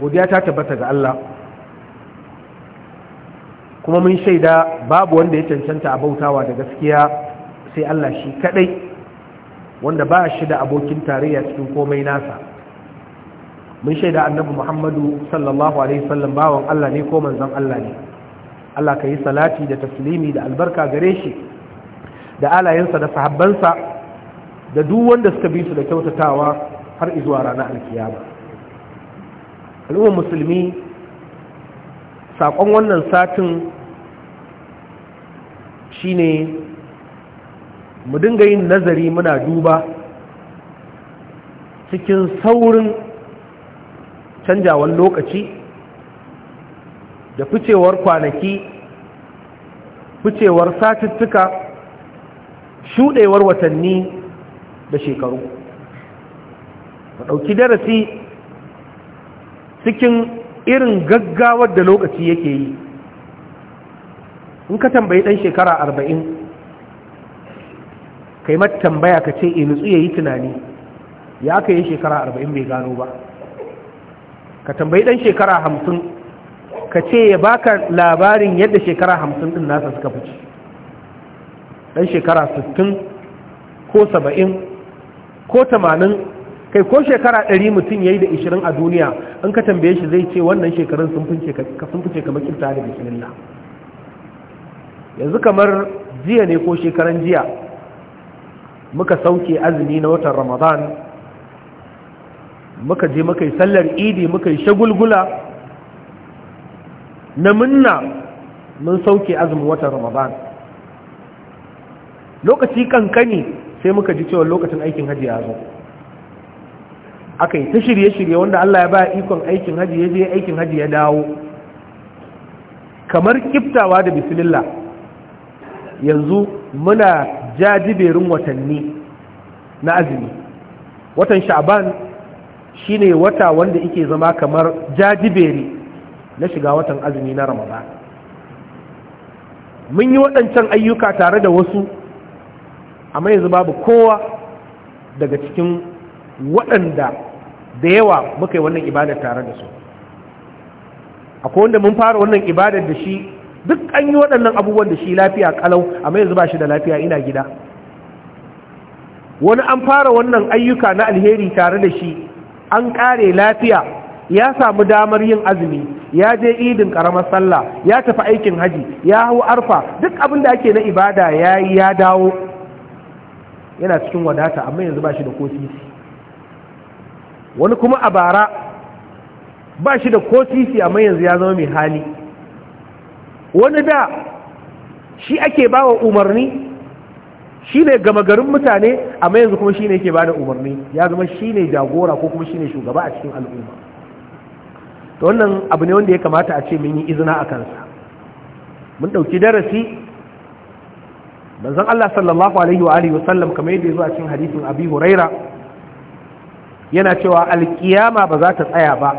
godiya ta tabbata ga Allah kuma mun shaida babu wanda ya cancanta a bautawa da gaskiya sai Allah shi kadai wanda ba shi da abokin tarayya cikin komai nasa mun shaida annabi Muhammadu sallallahu alaihi wasallam bawon Allah ne ko manzon Allah ne Allah ka yi salati da taslimi da albarka gare shi da alayensa da sahabbansa da duk wanda suka bi su da kyautatawa har izuwa ranar alkiyama al'umma musulmi saƙon wannan satin shine mu dinga yin nazari muna duba cikin saurin canjawan lokaci da ficewar kwanaki ficewar satittuka, shuɗewar watanni da shekaru mu ɗauki darasi cikin irin gaggawar da lokaci yake yi in ka tambayi ɗan shekara arba'in kai mata tambaya ka ce inutsu eh, ya yi tunani ya aka yi shekara arba'in bai gano ba ka tambayi ɗan shekara hamsin ka ce ya baka labarin yadda shekara hamsin ɗin nasa suka fice ɗan shekara sittin ko saba'in ko tamanin kai ko shekara ɗari mutum ya yi da ishirin a duniya in ka tambaye shi zai ce wannan shekarun sun fice kamar kifta da bismillah yanzu kamar jiya ne ko shekaran jiya muka sauke azumi na watan ramadan muka je muka yi sallar idi muka yi shagulgula na munna mun sauke azumin watan ramadan lokaci kankani sai muka ji cewa lokacin aikin hajji ya zo aka yi ta shirye-shirye wanda Allah ya ba ikon aikin haji ya je aikin haji ya dawo kamar kiftawa da bismillah yanzu muna jajiberin watanni na azumi watan sha'ban shine wata wanda yake zama kamar jajiberi na shiga watan azumi na ramadan mun yi waɗancan ayyuka tare da wasu amma yanzu babu kowa daga cikin waɗanda da yawa muka yi wannan ibadar tare da su akwai wanda mun fara wannan ibadar da shi duk an yi waɗannan abubuwan da shi lafiya kalau amma yanzu ba shi da lafiya ina gida wani an fara wannan ayyuka na alheri tare da shi an ƙare lafiya ya samu damar yin azumi ya je idin ƙaramar sallah ya tafi aikin haji ya hau arfa duk abin da ake na ibada ya yi ya dawo yana cikin wadata amma yanzu ba shi da kofi. wani kuma a bara ba shi da ko titi amma yanzu ya zama mai hali wani da shi ake ba wa umarni shi ne gama garin mutane amma yanzu kuma shi ne ke ba da umarni ya zama shi ne jagora ko kuma shi ne shugaba a cikin al'umma ta wannan abu ne wanda ya kamata a ce mun yi izina a kansa mun ɗauki darasi manzan Allah sallallahu alaihi wa wasallam kamar yadda ya zo a cikin hadisin Abi Huraira yana cewa alkiyama ba za ta tsaya ba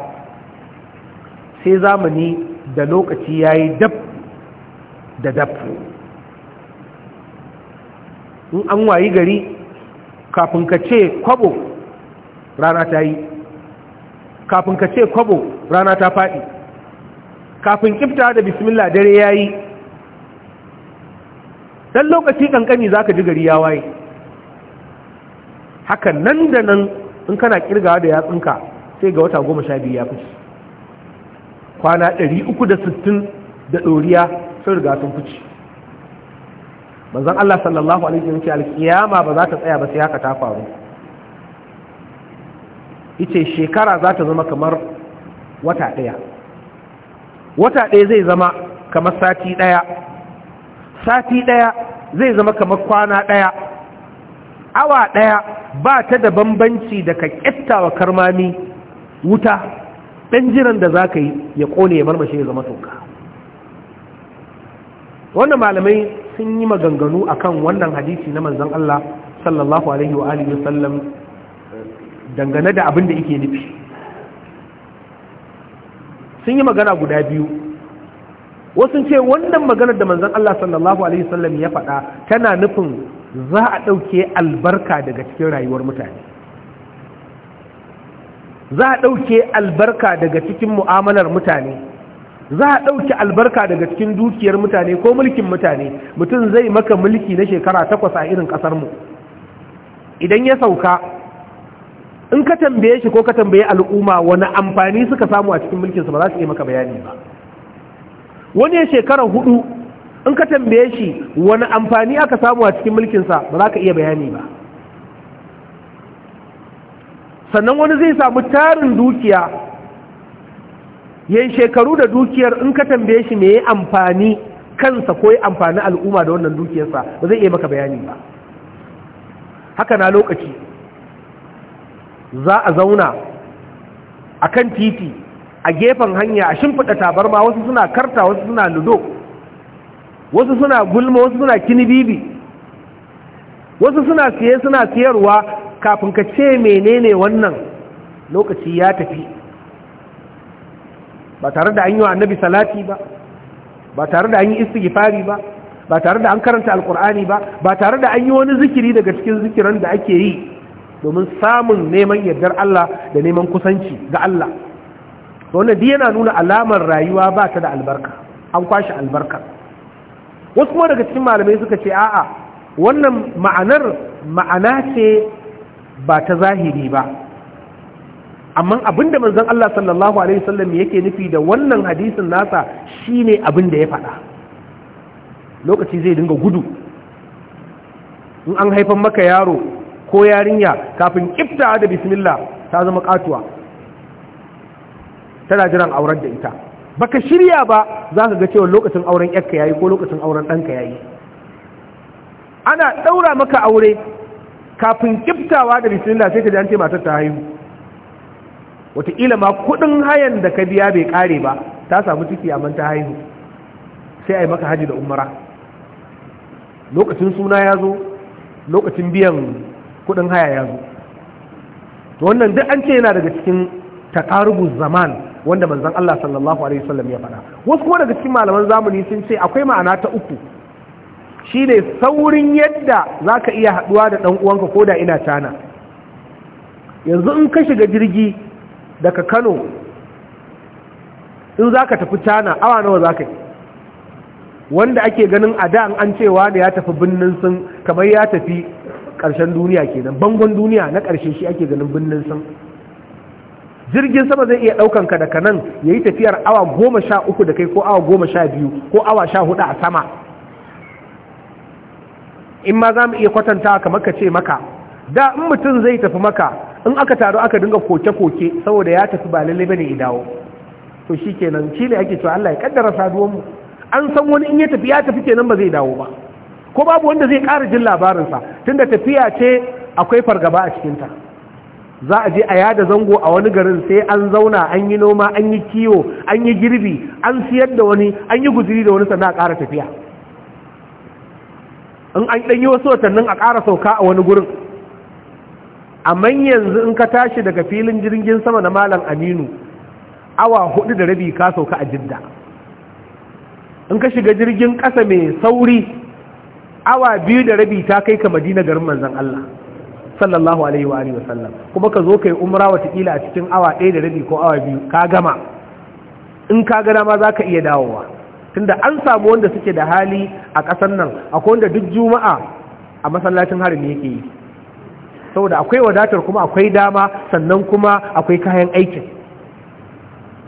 sai zamani da lokaci ya yi dab da dab in an wayi gari kafin ka ce kwabo rana ta yi kafin ka ce kwabo rana ta faɗi kafin kifta da bismillah dare ya yi ɗan lokaci ƙanƙani za ka ji gari ya waye hakan nan da nan in kana kirgawa da yatsunka sai ga wata goma sha biyu ya fice kwana ɗari uku da sittin da ɗoriya sun riga sun fice banzan Allah sallallahu alaihi wasallam ce alƙiyama ba za ta tsaya ba sai haka ta faru ita shekara za ta zama kamar wata ɗaya wata ɗaya zai zama kamar sati ɗaya sati ɗaya zai zama kamar kwana ɗaya awa ɗaya ba ta da bambanci da ka ƙetta wa karmami wuta ɗan jiran da za ka yi ya ƙone ya marmashe ya zama toka wannan malamai sun yi maganganu kan wannan hadisi na manzan Allah sallallahu alaihi wa alihi wasallam dangane da abin da yake nufi sun yi magana guda biyu wasu ce wannan maganar da manzan Allah sallallahu alaihi wasallam ya faɗa tana nufin za a ɗauke albarka daga cikin rayuwar mutane za a ɗauke albarka daga cikin mu'amalar mutane za a ɗauke albarka daga cikin dukiyar mutane ko mulkin mutane mutum zai maka mulki na shekara takwas a irin ƙasarmu idan ya sauka in ka tambaye shi ko ka tambaye al'umma wani amfani suka samu a cikin mulkinsu ba za su yi maka bayani ba wani ya shekara hudu in ka tambaye shi wani amfani aka samu a cikin mulkinsa ba za ka iya bayani ba sannan wani zai samu tarin dukiya yin shekaru da dukiyar in ka tambaye shi mai ya amfani kansa ko yi amfani al'umma da wannan dukiyarsa ba zai iya maka bayani ba haka na lokaci za a zauna a kan titi a gefen hanya a shimfiɗa tabarma wasu suna karta wasu suna ludo wasu suna gulma wasu suna kinibibi wasu suna siye suna siyarwa kafin ka ce menene wannan lokaci ya tafi ba tare da an yi wa annabi salati ba ba tare da an yi istighfari ba ba tare da an karanta alkur'ani ba ba tare da an yi wani zikiri daga cikin zikiran da ake yi domin samun neman yardar Allah da neman kusanci ga Allah wannan yana nuna alamar rayuwa ba ta da albarka an kwashi albarka wasu kuma daga cikin malamai suka ce a'a wannan ma'anar ma'ana ce ba ta zahiri ba amma abinda manzon Allah sallallahu alaihi wasallam yake nufi da wannan hadisin nasa shine abin da ya faɗa lokaci zai dinga gudu in an haifan maka yaro ko yarinya kafin kifta da bismillah ta zama katuwa tana jiran aurar da ita baka shirya ba za ka ga cewa lokacin auren yarka yayi ko lokacin auren ɗanka yayi ana ɗaura maka aure kafin kiftawa da bismillah sai ka ji an ce matar ta haihu wataƙila ma kuɗin hayan da ka biya bai ƙare ba ta samu ciki a ta haihu sai a yi maka haji da umara lokacin suna ya zo lokacin biyan kuɗin haya ya zo to wannan duk an ce yana daga cikin takarubu zaman wanda manzon Allah sallallahu alaihi wasallam ya faɗa wasu kuma daga cikin malaman zamani sun ce akwai ma'ana ta uku shine saurin yadda zaka iya haɗuwa da dan uwanka da ina cana. yanzu in ka shiga jirgi daga Kano in zaka tafi cana awa nawa zaka yi wanda ake ganin a da an cewa da ya tafi binnin sun kamar ya tafi ƙarshen duniya kenan bangon duniya na ƙarshe shi ake ganin binnin sun jirgin sama zai iya ɗaukan ka daga nan ya yi tafiyar awa goma sha uku da kai ko awa goma sha biyu ko awa sha hudu a sama in ma za mu iya kwatantawa kamar ka ce maka da in mutum zai tafi maka in aka taru aka dinga koke-koke saboda ya tafi ba lalle bane ya dawo to shi kenan shi ne ake cewa Allah ya kaddara saduwanmu an san wani in ya tafi ya tafi kenan ba zai dawo ba ko babu wanda zai ƙara jin labarinsa tunda tafiya ce akwai fargaba a cikinta za a je a yada zango a wani garin sai an zauna an yi noma an yi kiwo an yi girbi an siyar da wani an yi guziri da wani sannan a ƙara tafiya in an ɗanyi wasu watannin a ƙara sauka a wani gurin amma yanzu in ka tashi daga filin jirgin sama na malam aminu awa hudu da rabi ka sauka a jidda in ka shiga jirgin ƙasa mai sauri awa biyu da rabi ta kai ka madina garin manzan allah sallallahu alaihi wa alihi wasallam kuma ka zo kai umra watakila a cikin awa ɗaya da rabi ko awa biyu ka gama in ka ga dama za ka iya dawowa tunda an samu wanda suke da hali a ƙasar nan akwai wanda duk juma'a a masallacin harami yake yi saboda akwai wadatar kuma akwai dama sannan kuma akwai kayan aikin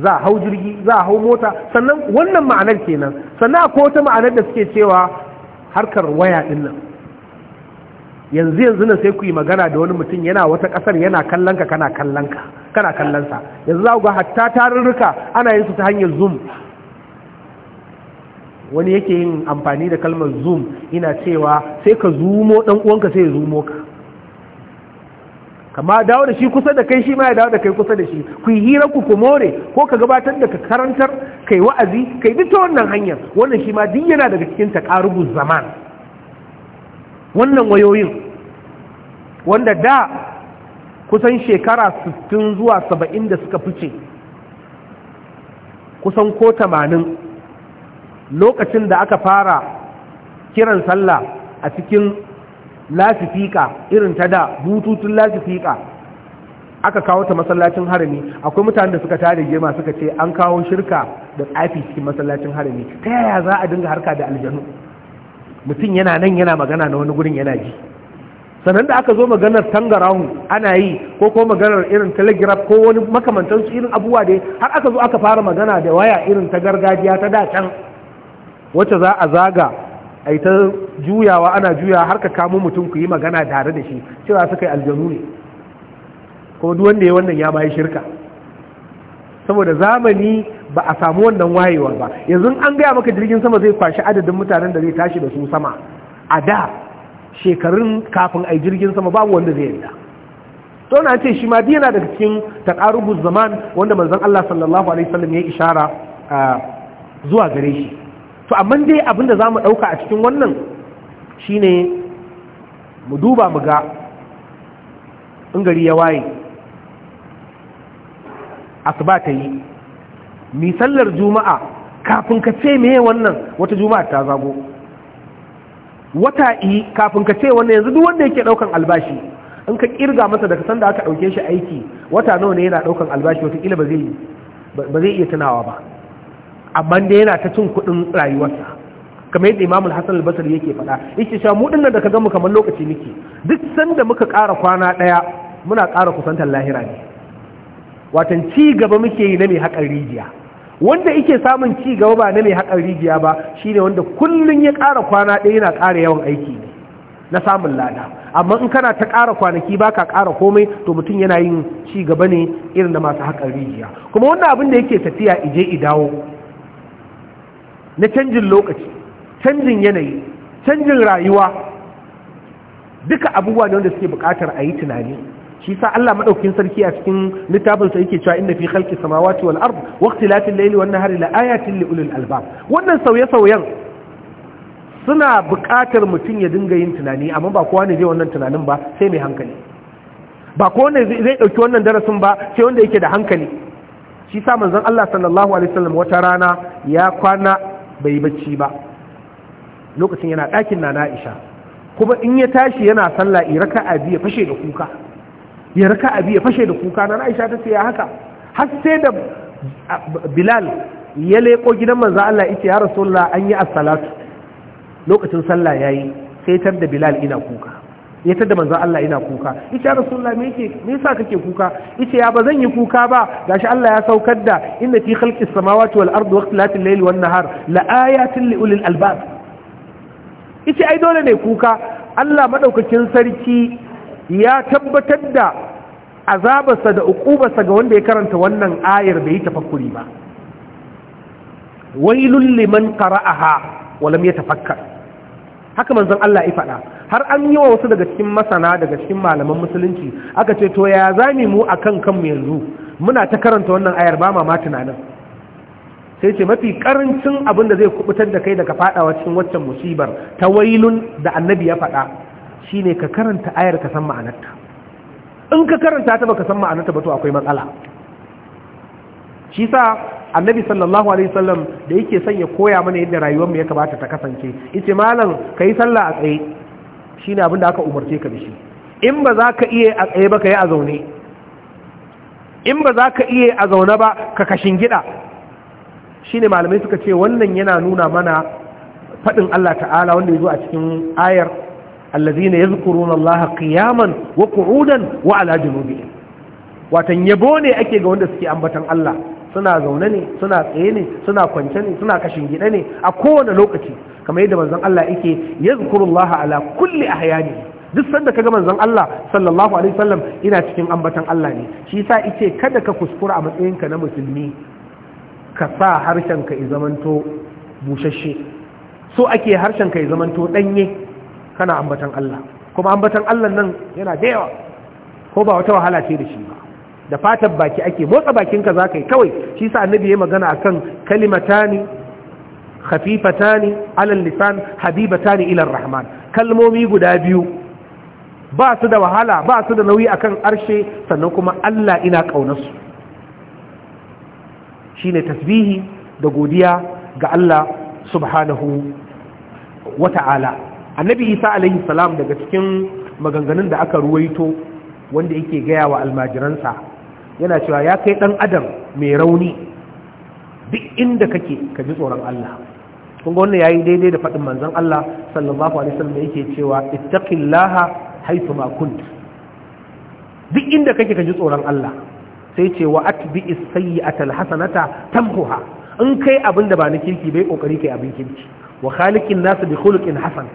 za a hau jirgi za a hau mota sannan wannan ma'anar kenan sannan akwai wata ma'anar da suke cewa harkar waya ɗinnan. yanzu yanzu na sai ku yi magana da wani mutum yana wata kasar yana kallon ka kana kallon sa yanzu za ku ga hatta tarurruka ana yin su ta hanyar zoom wani yake yin amfani da kalmar zoom ina cewa sai ka zumo dan uwanka sai ya zumo ka kama dawo da shi kusa da kai shi ma ya dawo da kai kusa da shi ku yi hira ku ku more ko ka gabatar da ka karantar kai wa'azi kai bi ta wannan hanyar wannan shi ma duk yana daga cikin takarubun zaman wannan wayoyin wanda da kusan shekara 60 zuwa 70 da suka fice kusan ko 80 lokacin da aka fara kiran sallah a cikin lasifika irin ta da bututun lasifika aka kawo ta masallacin harami akwai mutane da suka tare gema suka ce an kawo shirka da tsafi cikin masallacin harami ta yaya za a dinga harka da aljanu mutum yana nan yana magana na wani gurin yana ji sannan da aka zo maganar tangarau ana yi ko ko maganar irin telegraph ko wani makamantansu irin abubuwa dai har aka zo aka fara magana da waya irin ta gargajiya ta dacan wacce za a zaga a yi ta juyawa ana juya har ka kamo mutum ku yi magana tare da shi cewa suka yi aljanu ne kuma duk wanda ya wannan ya bayi shirka saboda zamani ba a samu wannan wayewar ba yanzu an gaya maka jirgin sama zai kwashi adadin mutanen da zai tashi da su sama a da shekarun kafin a jirgin sama babu wanda zai yadda. to na ce shi ma na daga cikin taqarubuz zaman wanda manzon Allah sallallahu alaihi wasallam ya ishara zuwa gare shi to amma dai abin da mu ɗauka a cikin wannan shi ne mu duba mu ga in gari ya waye asuba ta yi misallar sallar juma'a kafin ka ce meye wannan wata juma'a ta zago wata yi kafin ka ce wannan yanzu duk wanda yake daukan albashi in ka kirga masa daga sanda aka dauke shi aiki wata nawa ne yana daukan albashi wata kila ba zai iya tunawa ba amma da yana ta cin kuɗin rayuwarsa kamar yadda imamul hasan al-basri yake faɗa yake cewa mu dinnan da ka mu kamar lokaci muke duk sanda muka ƙara kwana ɗaya muna ƙara kusantar lahira ne watan ci gaba muke yi na mai haƙar rijiya wanda yake samun ci gaba ba na mai haƙar rijiya ba shi ne wanda kullum ya ƙara kwana ɗaya yana ƙara yawan aiki na samun lada amma in kana ta ƙara kwanaki ba ka ƙara komai to mutum yana yin ci gaba ne irin da masu haƙar rijiya kuma wannan abin da yake tafiya ije idawo na canjin lokaci canjin yanayi canjin rayuwa duka abubuwa ne wanda suke buƙatar a yi tunani shi sa Allah madaukakin sarki a cikin littafin sa yake cewa inna fi khalqis samawati wal ard wa ikhtilafil layli wan nahari la ayatin li ulil albab wannan sauye-sauyen suna buƙatar mutum ya dinga yin tunani amma ba kowa ne zai wannan tunanin ba sai mai hankali ba kowa ne zai dauki wannan darasin ba sai wanda yake da hankali shi sa manzon Allah sallallahu alaihi wasallam wata rana ya kwana bai bacci ba lokacin yana ɗakin na Aisha kuma in ya tashi yana sallah iraka abi ya fashe da kuka ya raka abi ya fashe da kuka na Aisha ta ce ya haka har sai da Bilal ya leko gidan manzo Allah yace ya Rasulullah an yi as-salatu lokacin sallah yayi sai tar da Bilal ina kuka ya tar da manzo Allah ina kuka yace ya Rasulullah me yake me yasa kake kuka yace ya bazan yi kuka ba gashi Allah ya saukar da inna fi khalqis samawati wal ardi waqtilatil layli wan nahar la ayatin li ulil albab yace ai dole ne kuka Allah madaukakin sarki ya tabbatar da azabarsa da ukubarsa ga wanda ya karanta wannan ayar da yi tafakkuri ba Wailun liman qara'aha wa yatafakkar haka manzon Allah ya faɗa har an yi wa wasu daga cikin masana daga cikin malaman musulunci aka ce to ya zami mu akan kanmu yanzu muna ta karanta wannan ayar ba ma tunanin sai ce mafi karancin abin da zai kubutar da kai daga faɗawa cikin waccan musibar ta wailun da annabi ya faɗa Shi ne ka karanta ayar ka san ma'anarta in ka karanta ta ba ka san ma'anarta ba to akwai matsala shi sa annabi sallallahu alaihi wasallam da yake son ya koya mana yadda rayuwar mu ya kamata ta kasance yace malam kai sallah a tsaye shine abin da aka umarce ka da shi in ba za ka iya a tsaye ba ka yi a zaune in ba za ka iya a zaune ba ka kashin gida shine malamai suka ce wannan yana nuna mana faɗin Allah ta'ala wanda ya zo a cikin ayar allazina yadhkuruna Allah qiyaman wa qu'udan wa ala junubihim watan yabo ne ake ga wanda suke ambatan Allah suna zaune ne suna tsaye ne suna kwance ne suna kashin gida ne a kowane lokaci kamar yadda manzon Allah yake yadhkurullah ala kulli ahyani duk sanda kaga manzon Allah sallallahu alaihi wasallam ina cikin ambatan Allah ne shi yasa yace kada ka kuskura a matsayinka na musulmi ka sa harshenka ya zamanto bushashe so ake harshenka ya zamanto danye kana ambatan Allah kuma ambatan Allah nan yana da yawa ko ba wata wahala ce da shi ba da fatan baki ake motsa bakinka za ka yi kawai shi sa annabi ya magana akan kalimatani khafifatani alal lisan habibatani ila rahman kalmomi guda biyu ba su da wahala ba su da nauyi akan arshe sannan kuma Allah ina kaunarsu shine tasbihi da godiya ga Allah subhanahu wa ta'ala. annabi isa alaihi salam daga cikin maganganun da aka ruwaito wanda yake gaya wa almajiransa yana cewa ya kai dan adam mai rauni duk inda kake ka ji tsoron Allah kun ga wannan yayi daidai da faɗin manzon Allah sallallahu alaihi wasallam yake cewa ittaqillaha haythu ma kunt duk inda kake ka ji tsoron Allah sai ce wa atbi as-sayyi'ata al-hasanata tamhuha in kai abinda da ba na kirki bai kokari kai abin kirki wa khaliqin nas bi khuluqin hasan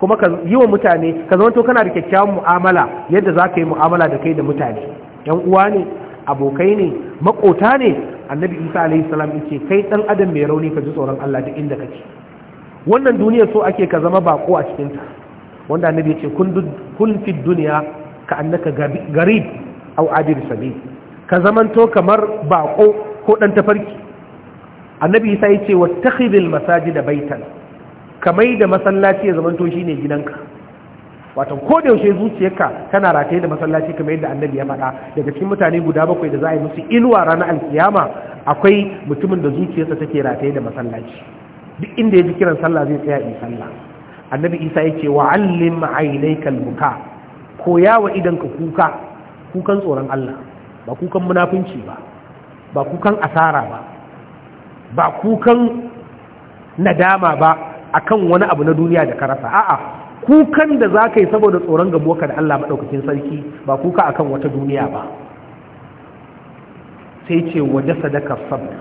kuma ka yi wa mutane ka zama to kana da kyakkyawan mu'amala yadda za ka yi mu'amala da kai da mutane yan uwa ne abokai ne makota ne annabi isa alaihi salam yace kai ɗan adam mai rauni ka ji tsoron Allah duk inda kake wannan duniya so ake ka zama bako a cikin ta wanda annabi yace kun kun fi duniya ka annaka garib au adir sabi ka zamanto kamar bako ko dan tafarki annabi isa yace wattakhidil masajida baitan kamai da masallaci ya zamanto shi ne gidanka wato ko da yaushe zuciyarka tana rataye da masallaci kamar yadda annabi ya faɗa daga cikin mutane guda bakwai da za a yi musu inuwa ranar alkiyama akwai mutumin da zuciyarsa take rataye da masallaci duk inda ya ji kiran sallah zai tsaya a sallah annabi isa ya ce wa allim ainai kalbuka koya wa idan ka kuka kukan tsoron allah ba kukan munafunci ba ba kukan asara ba ba kukan nadama ba akan wani abu na duniya da ka rasa a'a kukan da za ka yi saboda tsoron gabuwa da Allah maɗaukakin sarki ba kuka akan wata duniya ba sai ce waje sadaka sabr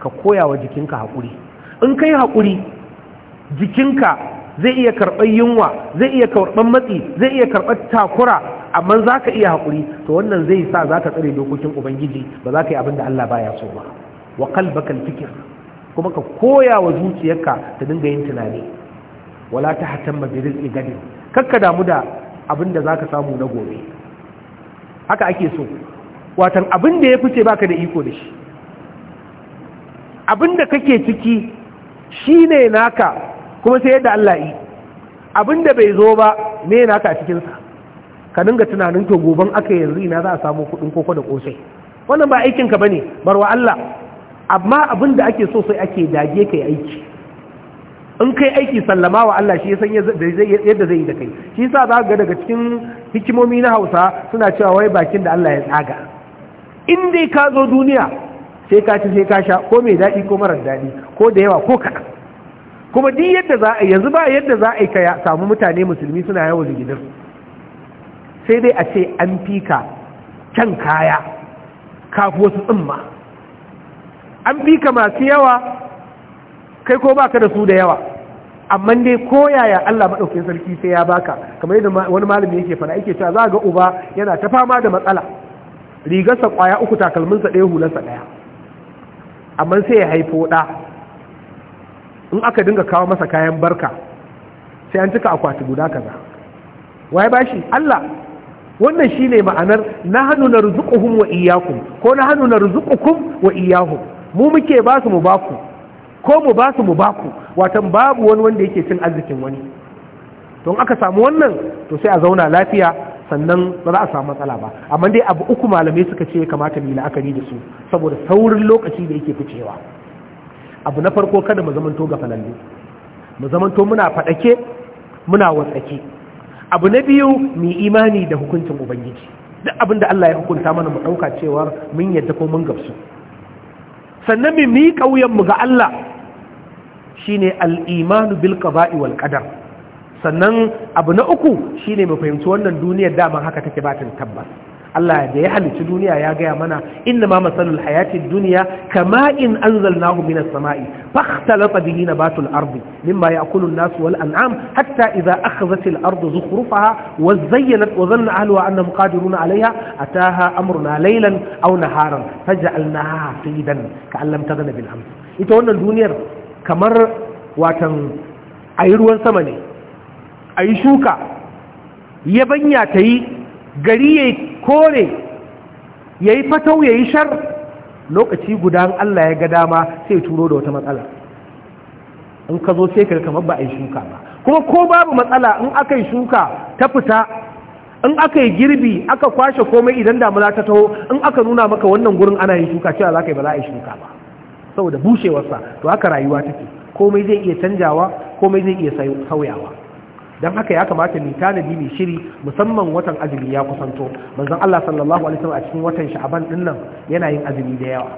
ka koya wa jikinka haƙuri in ka yi haƙuri jikinka zai iya karɓar yunwa zai iya karɓar matsi zai iya karɓar takura amma za ka iya haƙuri to wannan zai sa za ka tsare dokokin ubangiji ba za ka yi abin da Allah baya so ba wa kalbakan fikir kuma ka koya wa zuciyarka ta dinga yin tunani wala ta hatan mabirin igadi kakka damu da abin da za ka samu na gobe haka ake so watan abin da ya fice baka da iko da shi abin da kake ciki shi ne naka kuma sai yadda Allah yi abin da bai zo ba me naka a cikinsa ka dinga tunanin to goban aka yanzu ina za a samu kuɗin koko da ƙosai wannan ba aikinka ba ne barwa Allah amma abin da ake so sai ake dage kai aiki in kai aiki sallama wa Allah shi san yadda zai yi da kai shi yasa za ga daga cikin hikimomi na Hausa suna cewa wai bakin da Allah ya tsaga in dai ka zo duniya sai ka ci sai ka sha ko mai daɗi ko marar daɗi ko da yawa ko kaɗan kuma duk yadda za a yanzu ba yadda za a yi ka samu mutane musulmi suna yawo zigidir sai dai a ce an fika can kaya kafi wasu tsumma an fi ka masu yawa kai ko baka da su da yawa amma dai ko yaya Allah madaukakin sarki sai ya baka kamar yadda wani malami yake fara ake cewa za a ga uba yana ta fama da matsala rigarsa kwaya uku takalminsa ɗaya hularsa ɗaya amma sai ya haifo ɗa in aka dinga kawo masa kayan barka sai an cika akwati guda kaza waye bashi Allah wannan shine ma'anar nahnu narzuquhum wa iyyakum ko nahnu narzuqukum wa iyyahum mu muke ba su mu baku ko mu ba su mu baku watan babu wani wanda yake cin arzikin wani don aka samu wannan to sai a zauna lafiya sannan ba za a samu matsala ba amma dai abu uku malamai suka ce ya kamata mu yi la'akari da su saboda saurin lokaci da yake ficewa abu na farko kada mu zamanto ga falalle mu zamanto muna faɗake muna watsake abu na biyu mu imani da hukuncin ubangiji duk abin da Allah ya hukunta mana mu ɗauka cewa mun yadda ko mun gabsu sannan mu miƙa wuyanmu ga Allah shine al-imanu bil qada'i sannan abu na uku shine mu fahimci wannan duniyar damar haka take batin tabbas Allah da ya halicci duniya ya gaya mana inna ma masalul hayatid dunya kama in anzalnahu minas sama'i fakhtalata bihi nabatul ardi mimma ya'kulu an-nas wal an'am hatta idha akhadhat al-ardu zukhrufaha wa zayyanat wa dhanna ahluha annahum qadirun 'alayha ataha amruna laylan aw naharan faj'alnaha hafidan ka lam taghna bil amr ita wannan duniyar kamar watan ayi ruwan sama ne ayi shuka yabanya ta yi gari yi kore ya yi fatau ya yi shar lokaci guda Allah ya ga dama sai turo da wata matsala in ka zo sai ka kamar ba a yi shuka ba kuma ko babu matsala in aka yi shuka ta fita in aka yi girbi aka kwashe komai idan damuna ta taho in aka nuna maka wannan gurin ana yin shuka cewa za ka yi ba za a yi shuka ba saboda bushewarsa to haka rayuwa take komai zai iya canjawa komai zai iya sauyawa Don haka ya kamata mu tanadi mai shiri musamman watan azumi ya kusanto manzon Allah sallallahu alaihi wasallam a cikin watan sha'aban din nan yana yin azumi da yawa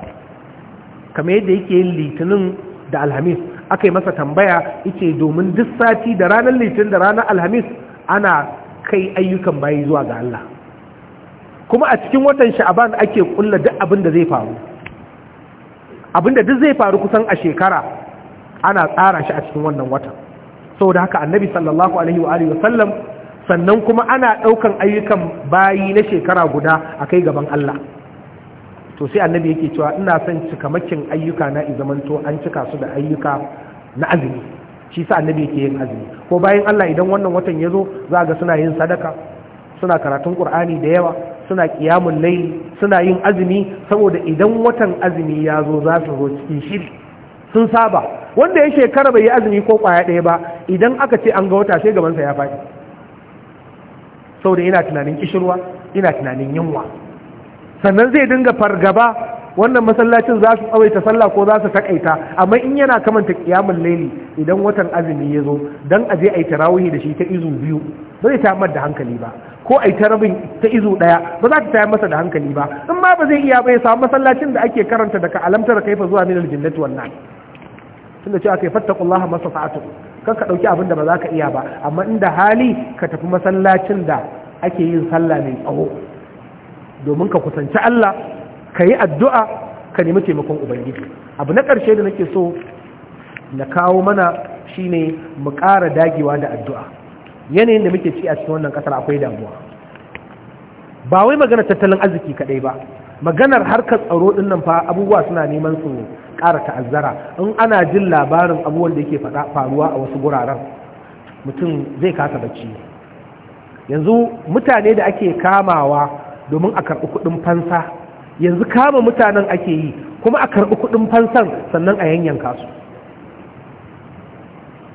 kamar yadda yake yin litinin da alhamis aka yi masa tambaya yace domin duk sati da ranar litinin da ranar alhamis ana kai ayyukan bayi zuwa ga Allah kuma a cikin watan sha'aban ake kulla duk abin da zai faru abin da duk zai faru kusan a shekara ana tsara shi a cikin wannan watan saboda haka annabi sallallahu alaihi wa alihi wasallam sannan kuma ana ɗaukan ayyukan bayi na shekara guda a kai gaban Allah to sai annabi yake cewa ina son cikamakin ayyuka na izamanto an cika su da ayyuka na azumi shi sa annabi yake yin azumi ko bayan Allah idan wannan watan ya zo za ga suna yin sadaka suna karatun Kur'ani da yawa suna ƙiyamun laili suna yin azumi saboda idan watan azumi ya zo za su zo cikin shiri sun saba wanda ya shekara bai yi azumi ko kwaya ɗaya ba idan aka ce an ga wata sai gabansa ya faɗi saboda ina tunanin kishirwa ina tunanin yunwa sannan zai dinga fargaba wannan masallacin za su tsawaita sallah ko za su takaita amma in yana kamanta kiyamun laili idan watan azumi ya zo don aje a yi tarawihi da shi ta izu biyu ba zai tayar da hankali ba ko a yi ta izu daya ba za ta tayar masa da hankali ba in ma ba zai iya ba samu masallacin da ake karanta daga alamtar kaifa zuwa minal jinnati wannan tunda cewa kai fattaqullaha masata'tu kan ka dauki abin da ba za ka iya ba amma inda hali ka tafi masallacin da ake yin sallah mai tsawo domin ka kusanci Allah ka yi addu'a ka nemi taimakon ubangiji abu na karshe da nake so na kawo mana shine mu ƙara dagewa da addu'a yanayin da muke ci a cikin wannan ƙasar akwai damuwa ba wai magana tattalin arziki kaɗai ba maganar harkar tsaro ɗin nan fa abubuwa suna neman tsoro ƙara ta'azzara in ana jin labarin abubuwan da yake faruwa a wasu guraren mutum zai kasa bacci yanzu mutane da ake kamawa domin a karɓi kuɗin fansa yanzu kama mutanen ake yi kuma a karɓi kuɗin fansan sannan a yanyanka su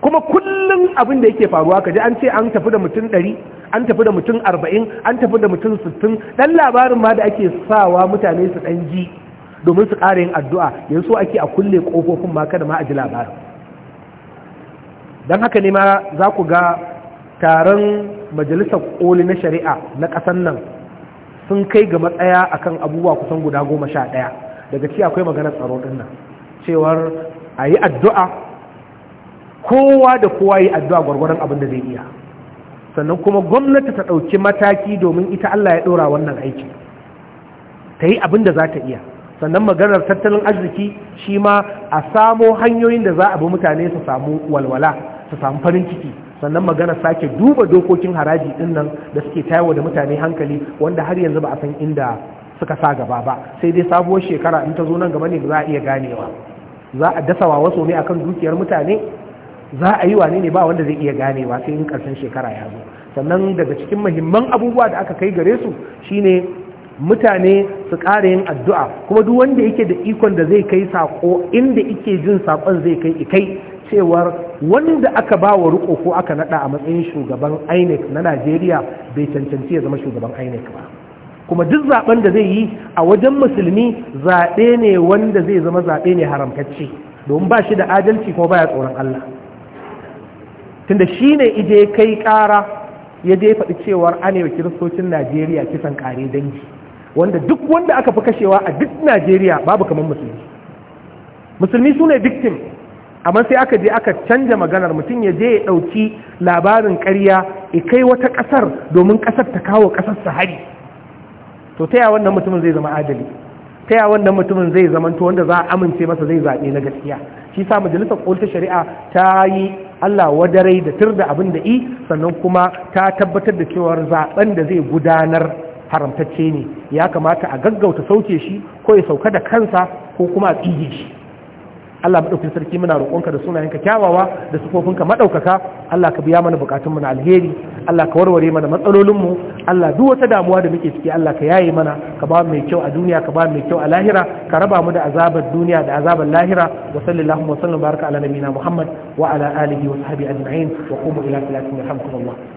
kuma kullum abin da yake faruwa kaji an ce an tafi da mutum ɗari an tafi da mutum arba'in an tafi da mutum sittin ɗan labarin ma da ake sawa mutane su ɗan ji domin su ƙara yin addu'a yanzu ake a kulle ƙofofin ma kada ma a labarin don haka ne ma za ku ga taron majalisar ƙoli na shari'a na ƙasan nan sun kai ga matsaya a kan abubuwa kusan guda goma sha ɗaya daga ci akwai maganar tsaro ɗin nan cewar a yi addu'a kowa da kowa yi addu'a gwargwaron abin da zai iya sannan kuma gwamnati ta ɗauki mataki domin ita Allah ya ɗora wannan aiki ta yi abin da za ta iya sannan maganar tattalin arziki shi ma a samo hanyoyin da za a bi mutane su samu walwala su samu farin ciki sannan maganar sake duba dokokin haraji din nan da suke tayawa da mutane hankali wanda har yanzu ba a san inda suka sa gaba ba sai dai sabuwar shekara in ta zo nan gaba ne za a iya ganewa za a dasa wa wasu ne akan dukiyar mutane za a yi wane ne ba wanda zai iya ganewa sai in karshen shekara ya zo sannan daga cikin muhimman abubuwa da aka kai gare su shine mutane su ƙara yin addu'a kuma duk wanda yake da ikon da zai kai saƙo inda yake jin saƙon zai kai ikai cewar wanda aka ba wa riko ko aka naɗa a matsayin shugaban inec na najeriya bai cancanci ya zama shugaban inec ba kuma duk zaben da zai yi a wajen musulmi zaɓe ne wanda zai zama zaɓe ne haramtacce domin ba shi da adalci kuma baya tsoron allah tunda shi ne ije kai ƙara ya je faɗi cewar anewa kiristocin najeriya kisan ƙare dangi wanda duk wanda aka fi kashewa a duk najeriya babu kamar musulmi musulmi su ne victim amma sai aka je aka canja maganar mutum ya je ya ɗauki labarin karya ya kai wata ƙasar domin ƙasar ta kawo ƙasar sahari to ta wannan mutumin zai zama adali ta wannan mutumin zai zamanto wanda za a amince masa zai zaɓe na gaskiya shi sa majalisar ta shari'a ta yi allah wadarai da tur da abin da i sannan kuma ta tabbatar da cewar zaɓen da zai gudanar haramtacce ne ya kamata a gaggauta sauke shi ko ya sauka da kansa ko kuma a tsige shi Allah madaukakin sarki muna roƙonka da sunayenka kyawawa da sufofinka madaukaka Allah ka biya mana mu na alheri Allah ka warware mana matsalolinmu Allah duk wata damuwa da muke ciki Allah ka yaye mana ka ba mai kyau a duniya ka ba mai kyau a lahira ka raba mu da azabar duniya da azabar lahira wa sallallahu wa sallam baraka ala nabiyina Muhammad wa ala alihi wa sahbihi ajma'in wa qumu ila salatin yarhamkumullah